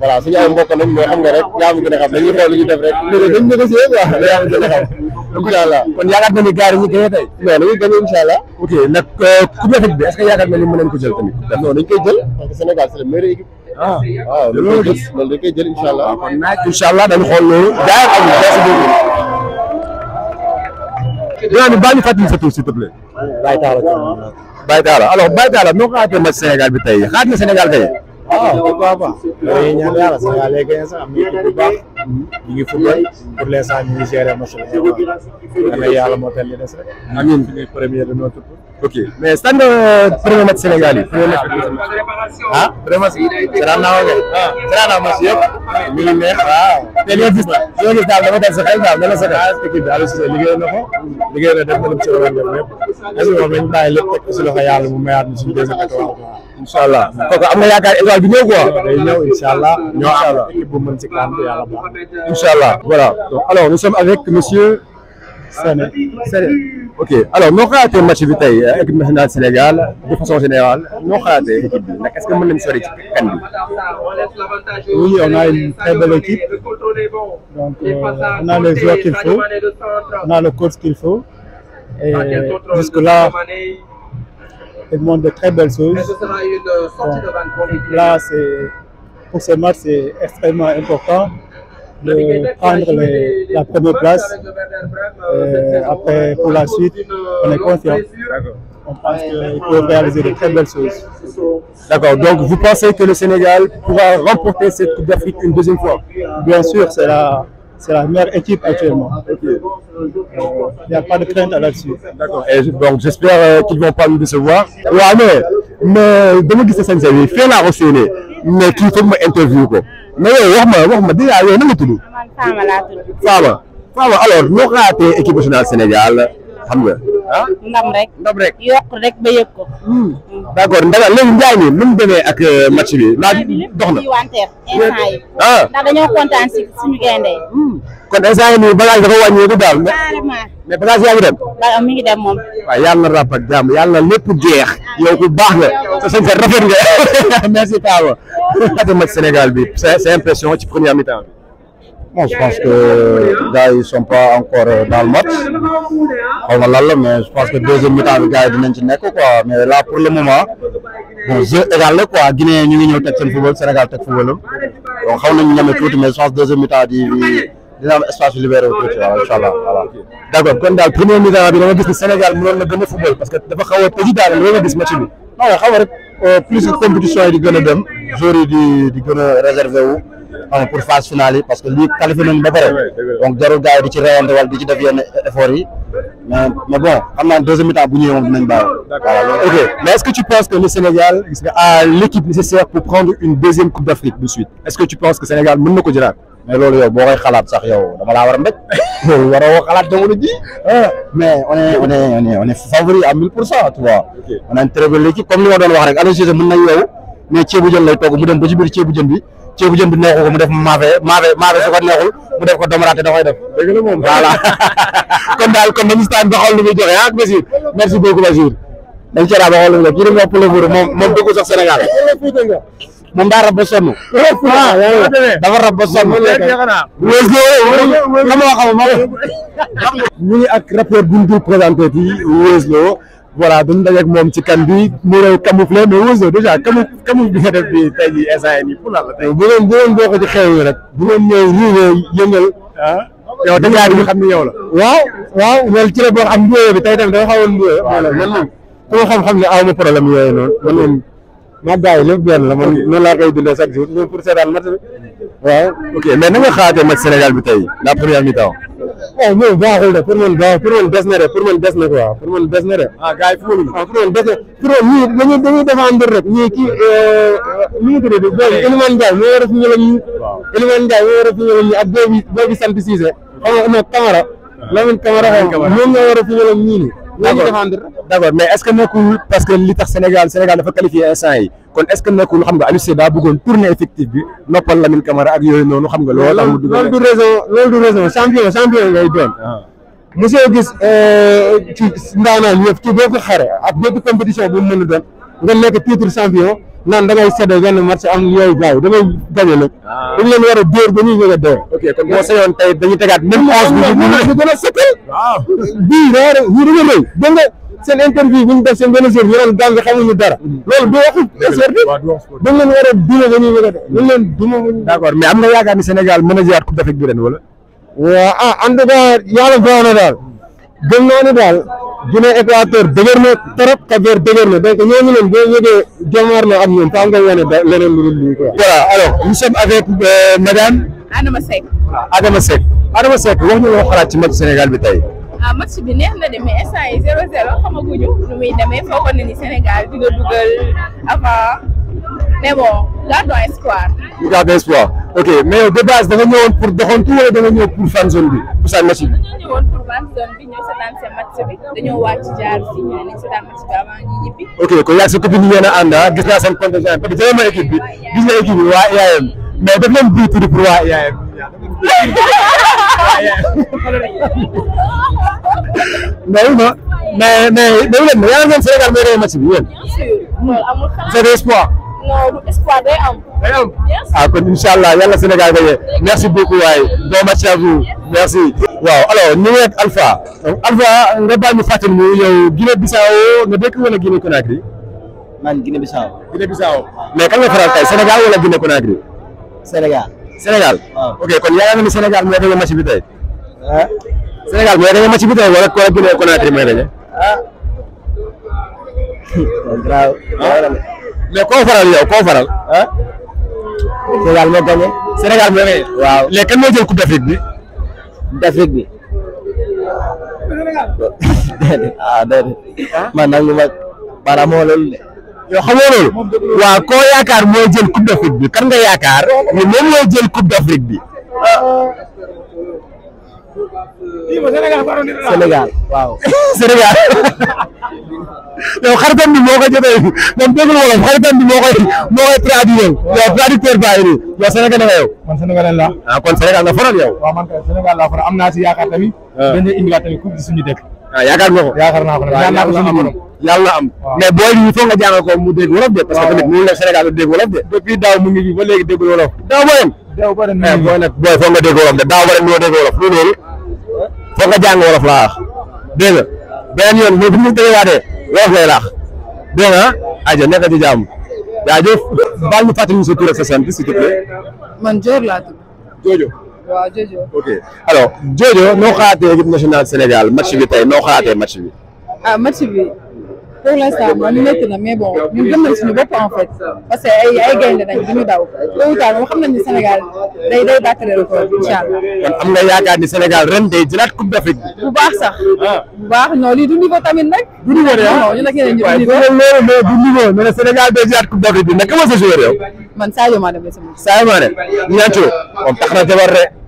voilà suñu ay mbokk nañ mais xam nga rek yaa ma gën a xam dañuy xool lu ñu def rek. léegi ah, dañ négocier quoi yaa ma gën a xam. incha allah kon yaakaar na ni gaari ñu gagné tey. non dañuy gagné incha allah. ok nag euh, coupe d'Afrique bi est ce que yaakaar na ni mën nañ ko jël tamit. non dañ koy jël parce que Sénégal c'est la meilleure équipe. ah waaw loolu dañ koy jël loolu dañ koy jël incha allah. Ah, kon naaj incha allah dañu xool loolu. jaay ak merci beaucoup. dinaa ni baa ñu fàttali sa tur s'il te plaît. Baye Talla Baye Talla alors Baye Talla noo xaatee match Sénégal bi tey xaat na Sénégal tey waaw oh. pourquoi pas. loolu yëpp ñaan yàlla Sénégal léegi sax baax. ñu ngi football pour l'instant ñu ngi gérer match bi waaw yàlla moo a li des rek. amiin premier de notre tour. ok mais sànq euh, premier match Sénégal yi premier match ah premier match seetaan naa ko kay seetaan naa match daal dafa dal sa xel daal dana sa xel ah, équipe bi Aliou Cissé liggéey na ko liggéey na def na lu ci waroon def lépp est-ce que nañ bàyyi lépp teg ko si loxo yàlla mu mayaat ñu suñu deuxième étoile incha allah kooku am nga yaakaar étoile bi ñëw quoi allah ñoo Inch'Allah. Voilà. Donc, alors, nous sommes avec monsieur Sané. Ok. Alors, nous avons un match de bataille avec le national Sénégal, de façon générale. Nous avons l'équipe. Qu'est-ce que nous avons sur Oui, on a une très belle équipe. Donc, euh, on a les joueurs qu'il faut, on a le coach qu'il faut. Et ah, jusque-là, il monde de très belles choses. Donc, là, pour ce match, c'est extrêmement important de prendre la première place. après, pour la suite, on est confiant. On pense qu'il peut réaliser de très belles choses. D'accord. Donc, vous pensez que le Sénégal pourra remporter cette Coupe d'Afrique une deuxième fois Bien sûr, c'est la, la meilleure équipe actuellement. il n'y a pas de crainte là-dessus. D'accord. Donc, j'espère euh, qu'ils ne vont pas nous décevoir. Ouais, mais, mais, Dominique moi qui c'est ça, vous avez fait la mais qui fait mon interview, quoi. mais yow wax ma wax ma dèjà yow na nga tudd. man Fama laa tudd. Fama Fama alors noo xaatee xam ah? rek. ndam rek ba yëg ko. Hmm. d' accord ndaga léegi Ndiaye mi nu ak euh, match bi. maa dox na wanteer instant yi. ah kontaan si suñu hmm. kon instant yi nii bagage dafa daal. carrément mais bagage ba mi na ràpp ak jàmm yàlla na lépp jeex. yow ku baax nga sa sañ sa rafet nga merci Pape ate match Sénégal ci première mi-temps bi bon je pense que gars yi sont pas encore euh, dans le match xaw ma la mais je pense que deuxième mi-temps bi gars dinañ ci nekk quoi mais la pour le moment bon jeu égal la quoi Guinée ñu ngi ñëw teg seen football Sénégal teg football am donc xaw nañu ñeme tuuti mais je pense deuxième mi-temps di dina am espace libéré wu tuuti waaw incha allah voilà d' accord kon daal premier mi-temps bi dama gis ni Sénégal mënoon na gën a football parce que dafa xaw a tëju daal loolu nga gis match bi non nga xam rek plus compétition yi di gën a dem joueurs yi di di gën a réservé wu pour phase finale parce que lii qualifié nañu ba pare donc jarul gars yi di ci reyante wala di ci def yenn effort yi mais bon xam deuxième mi-temps bu ñëwee moom dinañ baax ok mais est-ce que tu penses que le Sénégal gis nga a l'équipe nécessaire pour prendre une deuxième Coupe d'Afrique de suite est-ce que tu penses que Sénégal mën na ko jëlaat mais loolu yow boo koy xalaat sax yow dama laa war a mbéj loolu waroo xalaat jamono ji ah, mais on est on est on est on est favori à mille pour cent tu vois on a une très belle équipe comme li ma doon wax rek Aliou Cissé mën na yow mais ceebu jën lay togg mu dem ba ci biir ceebu jën bi ceebu jën bi neexu ko mu def maafe maafe maafe su ko neexul mu def ko domaraate da koy def dëgg la moom voilà kon daal kon dañu staan ba xool lu muy joxe ak ah, Bachir merci beaucoup Bachir dañ cee daal ba xool lu muy def kii moom moom daa rab ba sonn ah, dafa rab ba sonn Weuz Lo xam nga xam nga ñu ngi voilà duñ dajeeg moom ci kan bi mu réew camouflé mais Wezo déjà camouf camouf bi nga def bi tey jii instant yii nii pour lan la tey. bu doon bu doon bokk ci xew yi rek. bu doon ñëw ruubee yëngal. ah yow xam la. waaw waaw loolu ci la boo xam tey tamit dafa xawoon mbéy. waaw man man xam-xam ne aw ma problème yooyu noonu. man man maa yi lépp benn la man noonu laa koy dundee chaque jour ñoom pour seetaan match bi waaw. ok mais na nga xaatee match Sénégal bi tey la première mi taw waaw moom baaxul de pour man baax des na de pour man des na ko waaw man des na de. ah man waaw ah, des na pour man ñii dañuy dañuy défendre rek ñii kii euh, nu mu tuddati boobu Elimane Ndiaye moo yor fi ñu la ñu. waaw Elimane Ndiaye moo yor fi ñu la ñu ak boobu boobu sant Cissé. xam nga non Camara. Lamine Camara xam fi ñu la ñu d' accord mais est ce que nekkul parce que li tax Sénégal Sénégal dafa qualifié instant yi kon est ce que nekkul xam nga Aliou Cissé daa bëggoon tourner effectif bi noppal Lamine Camara ak yooyu noonu xam nga. loolu tax mu dugg loolu du raison loolu du raison champion champion ngay doon. Ah. monsieur gis euh, ci ndaanaan yëpp ci bépp xare ak bépp compétition bu mu mën a doon nga nekk titre champion. naan da ngay séddoo benn am yooyu gars yi da ngay gañe nag. Ah. dañ leen war a a dee. ok kon tegaat même phase bi. waaw waaw a sëkkal. waaw bii da nga rëy da nga seen interview bu ñu def seen benn jour ñu doon gàmm xamuñu dara. loolu du waxu sportif. waaw du wax sportif dañ leen war a duma ba ñuy bëgg a dee. dañ leen duma am nga yaakaar ni Sénégal mën a jiyaat coupe d'Afrique bi ren wala. waaw ah en tout cas yàlla daal gëm naa ni daal Guinée Équateur dëgër na trop Cap-Vert dëgër na donc ñooñu leen boo yëgee jomar na ak ñoom faa nga wane leneen lu dul lii quoi. voilà alors avec euh, madame. Adama Seck. Adama Seck Adama Seck wax ñu loo xalaat ci match Sénégal bi tey. ah match bi neex na de mais instant yi zéro zéro xamaguñu nu muy demee foogoon na ni Sénégal dina dugal avant mais bon gardons espoir. espoir ok mais de base da nga ñëwoon pour doxantu wala da nga ñëw pour bi. Ousmane Massi. ok kon yaa sa copine ngeen a ànd ah, gis naa seen contingent parce que jëlee ma équipe bi gis naa équipe bi waa IAM mais daf leen bii tudd pour waa IAM. mais mais mais mais Sénégal mooy réew match bi yéen. c'est espoir. Ah, allah merci beaucoup waay vous merci. waaw alors Alpha Alpha man Guinée Bissau. Guinée Bissau mais kan nga faral tey Sénégal wala Guinée Conakry. Sénégal. Sénégal ok kon yaa ngi ni Sénégal mooy gagné match bi tey. ah Sénégal mooy match bi wala Conakry ah. mais koo faral yow koo faral. ah. moo gagné. Sénégal moo gagné. waaw léegi moo jël coupe d'Afrique bi. d'Afrique bi. Ah, déedéet ah ma baaraam moo loolu de. yow xamoo loolu. waaw koo yaakaar moo jël coupe d'Afrique bi kan nga yaakaar. ni moom moo jël coupe d'Afrique bi. Ah. Sénégal waaw Sénégal yow xaritam bi moo ko jotee moom déggul wolof xaritam bi moo koy moo koy traduire yow traducteur baa ngi nii yow Sénégal nga yow man Sénégal la ah kon Sénégal nga faral yow waaw man kay Sénégal laa faral am naa si yaakaar tamit dañu indiwaat tamit coupe suñu dëkk ah yaakaar nga ko yaakaar naa ko nag yàlla am mais booy yi foog nga jàngal ko mu dégg wolof de parce que tamit mu ne Sénégal du dégg wolof de depuis daaw mu ngi ba léegi déggul wolof daaw booyam daaw booyam eh, booy nag booy foog nga dégg wolof de daaw ba ren mënoo dégg wolof lu loolu foog nga jàng wolof laa wax dégg nga beneen yoon bu ñu déggee wolof lay laax dégg nga aja nekk ci jàmm jaajëf baal ñu fàttali ñu sa tur ak sa sant s'il te plaît. man Dior laa tudd. noo xalaatee équipe nationale match bi tey noo xalaatee match bi. Ah, pour l'instant, on maintenant, mais bon, ñu ne nañ suñu bopp en fait parce que ay ay gaynde nañ duñu daw tôt ou tard moom xam nañ ni Sénégal day day battre record incha allah. kon am nga yaakaar ni Sénégal ren day jëlaat coupe d'Afrique bi. bu ça. sax. bu non lii du niveau tamit nag. du niveau de non ñun ak yeneen ñu du niveau waaye mais le Sénégal day jëlaat coupe d'Afrique bi comment ça se joue yow. man Sadio Mané la sama. Sadio Mané ñaata woon moom tax na jabar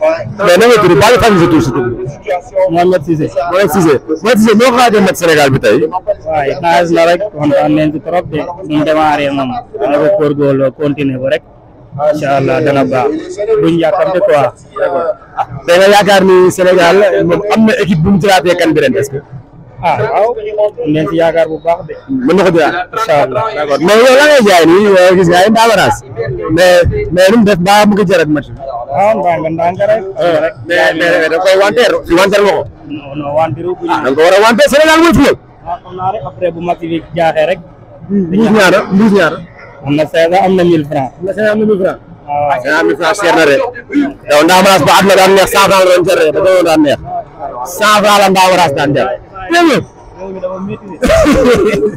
mais na nga tudd baal fan sa tur si tur. Mohamed Cissé. Mohamed Cissé Mohamed Cissé noo xaajee match Sénégal bi tey. waaye xaas la rek kontaan nañ ci trop de buñ démarré moom dana ko góorgóorlu continuer ko rek incha allah dana baax buñ yàkkamte quoi. d'accord ah, tey nga yaakaar ni Sénégal moom am na équipe bu mu jëlaatee kan bi ren est-ce que. ah waaw am nañ ci yaakaar bu baax de. mën na ko jaay incha allah d' accord mais yow la ngay jaay nii gis nga ay ndaamaraas mais mais nu mu def mbaa mu ngi jarat mat. waaw mbaa nga ndànk rek. Euh, mais mais da koy wanteer si wanteer nga ko. non non wanteeru bu ñu. da nga ko war a wanteer Sénégal mooy fii. waaw ah, xam naa rek après bu mag bi jaaxee rek. mbuus ñaata mbuus ñaata. am na cinq am na mille francs. am na cinq am na mille francs. Ah, waaw cinq am mille francs cher na de. yow ah, ndaamaraas ba at la daan neex cent francs la doon jar de da doon daan neex cent francs la ndaamaraas daan jar. dégg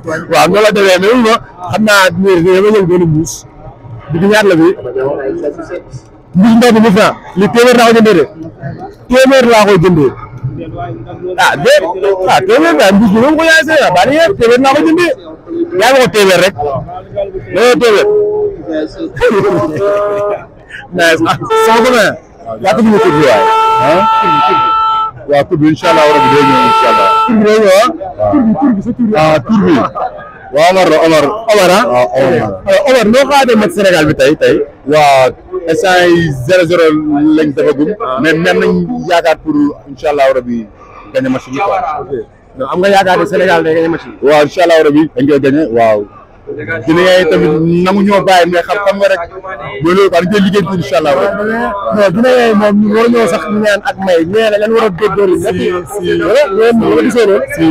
nga waaw noonu la demee mais ma xam naa dama jël benn mbuus bi di ñaar la bi mbuus ndaw bi mille franc li téeméer laa ko jëndee de téeméer laa ko jëndee ah déet ah téeméer daal mbuus bi moom ko yaay seen baal yéen téeméer laa ko jëndee yaa ma ko téeméer rek looloo téeméer mais ah, sama ko ne yaa ko jëndee waaye waaw tur bi incha allah rabi day ñëw incha allah. tur bi day ñëw ah. tur bi tur bi bi. ah tur tey tey. waa instant yi zéro zéro lañ defagum. mais mel nañ yaakaar pour incha allah rabi gagné match bi quoi. am nga yaakaar ne Sénégal day gagné match bi. waaw incha dina yaay tamit nangu ñoo bàyyi mais xam xam nga rek mooy loolu daal dañ koy liggéey incha allah rek. dina yaay moom war ñoo sax ñaan ak may mais nag war a góorgóorlu. si si wala wala gisoo loolu. si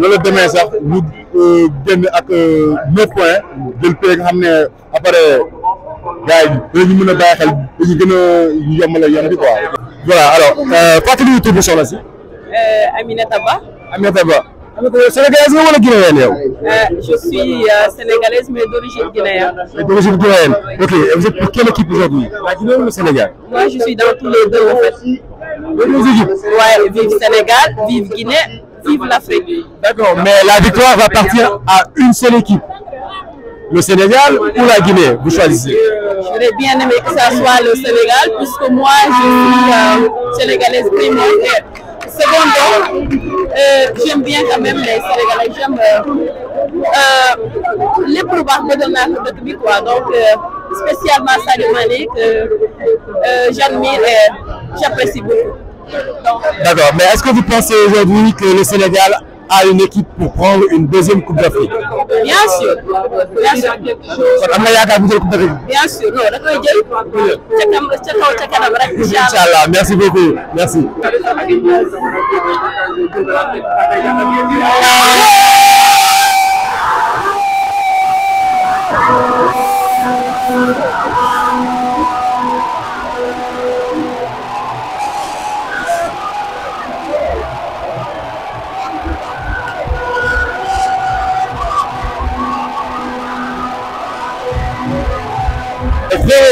loolu demee sax ñu euh, génn ak euh, neuf points jël pay nga xam ne après gars yi dinañu mën a bàyyi xel dañu gën a yombal yoon bi quoi. voilà alors euh, fàttali ñu si. Aminata Ba. Aminata Ba. Sénégalaise ou guinéenne euh, Je suis euh, sénégalaise mais d'origine guinéenne. D'origine guinéenne. Ok, Et vous êtes pour quelle équipe aujourd'hui La bah, Guinée ou le Sénégal Moi je suis dans tous les deux en fait. Les deux équipes Ouais, vive Sénégal, vive Guinée, vive l'Afrique. D'accord, mais la victoire va partir à une seule équipe. Le Sénégal ou la Guinée Vous choisissez. J'aurais bien aimer que ça soit le Sénégal puisque moi je suis euh, sénégalaise primaire. Second eh, j'aime bien quand même les Sénégalais. J'aime euh, euh, les pouvoirs de la quoi, Donc, euh, spécialement Sadio Mané que j'admire et j'apprécie beaucoup. D'accord. Mais est-ce que vous pensez aujourd'hui que le Sénégal à une équipe pour prendre une deuxième Coupe d'Afrique. Bien sûr. Bien sûr. Coupe d'Afrique. Bien sûr. Non, Merci beaucoup. Merci.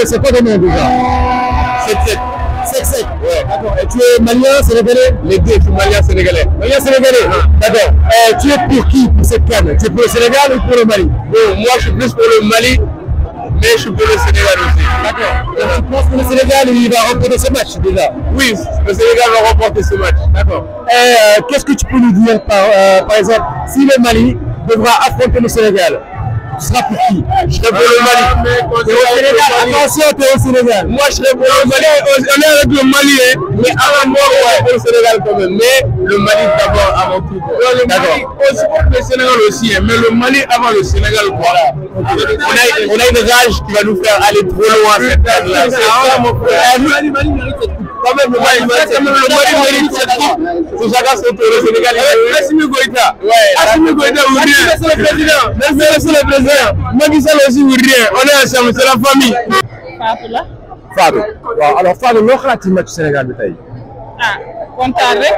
c'est quoi ton nom déjà 7-7. C'est Ouais. D'accord. Et tu es malien, sénégalais Les deux, je suis malien, sénégalais. Malien, sénégalais ah. D'accord. Euh, tu es pour qui pour cette canne Tu es pour le Sénégal ou pour le Mali Bon, moi je suis plus pour le Mali, mais je suis pour le Sénégal aussi. D'accord. Donc tu penses que le Sénégal, il va remporter ce match déjà Oui, le Sénégal va remporter ce match. D'accord. Et euh, Qu'est-ce que tu peux nous dire euh, par exemple si le Mali devra affronter le Sénégal sera pour qui Je serai pour le Mali. Attention au Sénégal, attention, au Sénégal. Moi, je serai pour le Mali. On est avec le Mali, hein, mais avant moi, on est pour le Sénégal quand même. Mais le Mali d'abord avant tout. le Mali, on supporte le Sénégal aussi, hein, mais le Mali avant le Sénégal, voilà. On, a, on a une rage qui va nous faire aller trop loin cette là C'est ça, mon frère. Ah, quand même lu bari mérite cette coupe pour chacun son tour au Sénégal eh, eh, Assimi Goïta Assimi Goïta ou rien monsieur le président monsieur le président Macky Sall aussi ou rien on est ensemble c'est la famille Fatou la Fatou waaw alors Fatou loo xalaat ci match Sénégal bi tey ah kontaan rek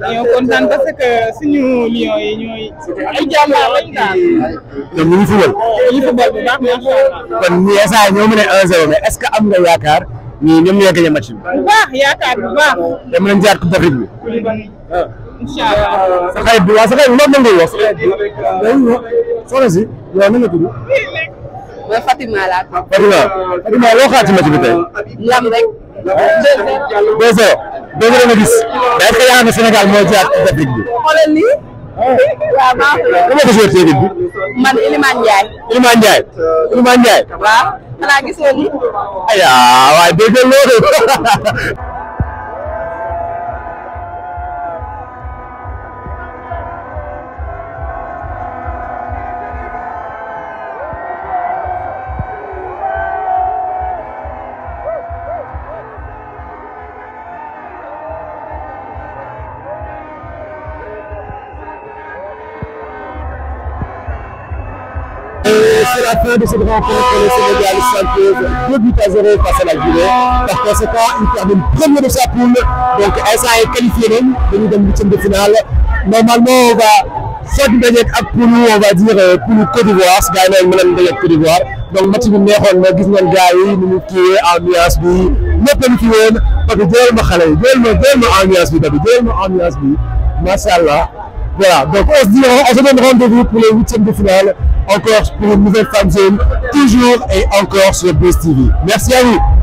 dañoo kontaan parce que suñu lion yi ñooy ay jàmbaar lañ daal ñoom ñu ngi fubal ñu ngi fubal bu baax macha Allah kon ñi esa ñoo mu ne 1-0 mais est-ce que am nga yaakaar ñoom ñoo gagné match bi. bu baax yaakaar bu baax. dem nañ jaar coupe d'Afrique bi. Ah. incha allah. sa xarit bi waaw sa xarit bi loolu ngay wax. soxna si yow na nga tudd. mooy Fatima laa tudd. Ah, Fatima Fatima loo xaar ci match bi tey. lam rek. deux heures. deux heures nga gis. est-ce que yaa ngi Sénégal moo jaar coupe d'Afrique bi. xoolal lii. waaw maa ngi lay wax dama ko bi. man Elimane Ndiaye. Elimane Ndiaye. Elimane Ndiaye. la fin de cette rencontre, le Sénégal s'impose 2 buts à 0 face à la Guinée. Par conséquent, il termine premier de sa poule. Donc, SA est qualifié même, venu dans le huitième de finale. Normalement, on va soit ñu dajeeg ak poulu on va dire euh, poulu Côte d'Ivoire si gars yi mën nañu dajeeg Côte d'Ivoire donc match bi neexoon na gis ngeen gars yi nu mu kiiwee ambiance bi ñëpp a kii woon parce que jëlal ma xale yi jëlal ma jëlal ma ambiance bi tamit jëlal ma ambiance bi macha allah. Voilà, donc on se, dit, on se donne rendez-vous pour les huitièmes de finale, encore pour une nouvelle fanzone, toujours et encore sur BSTV. TV. Merci à vous.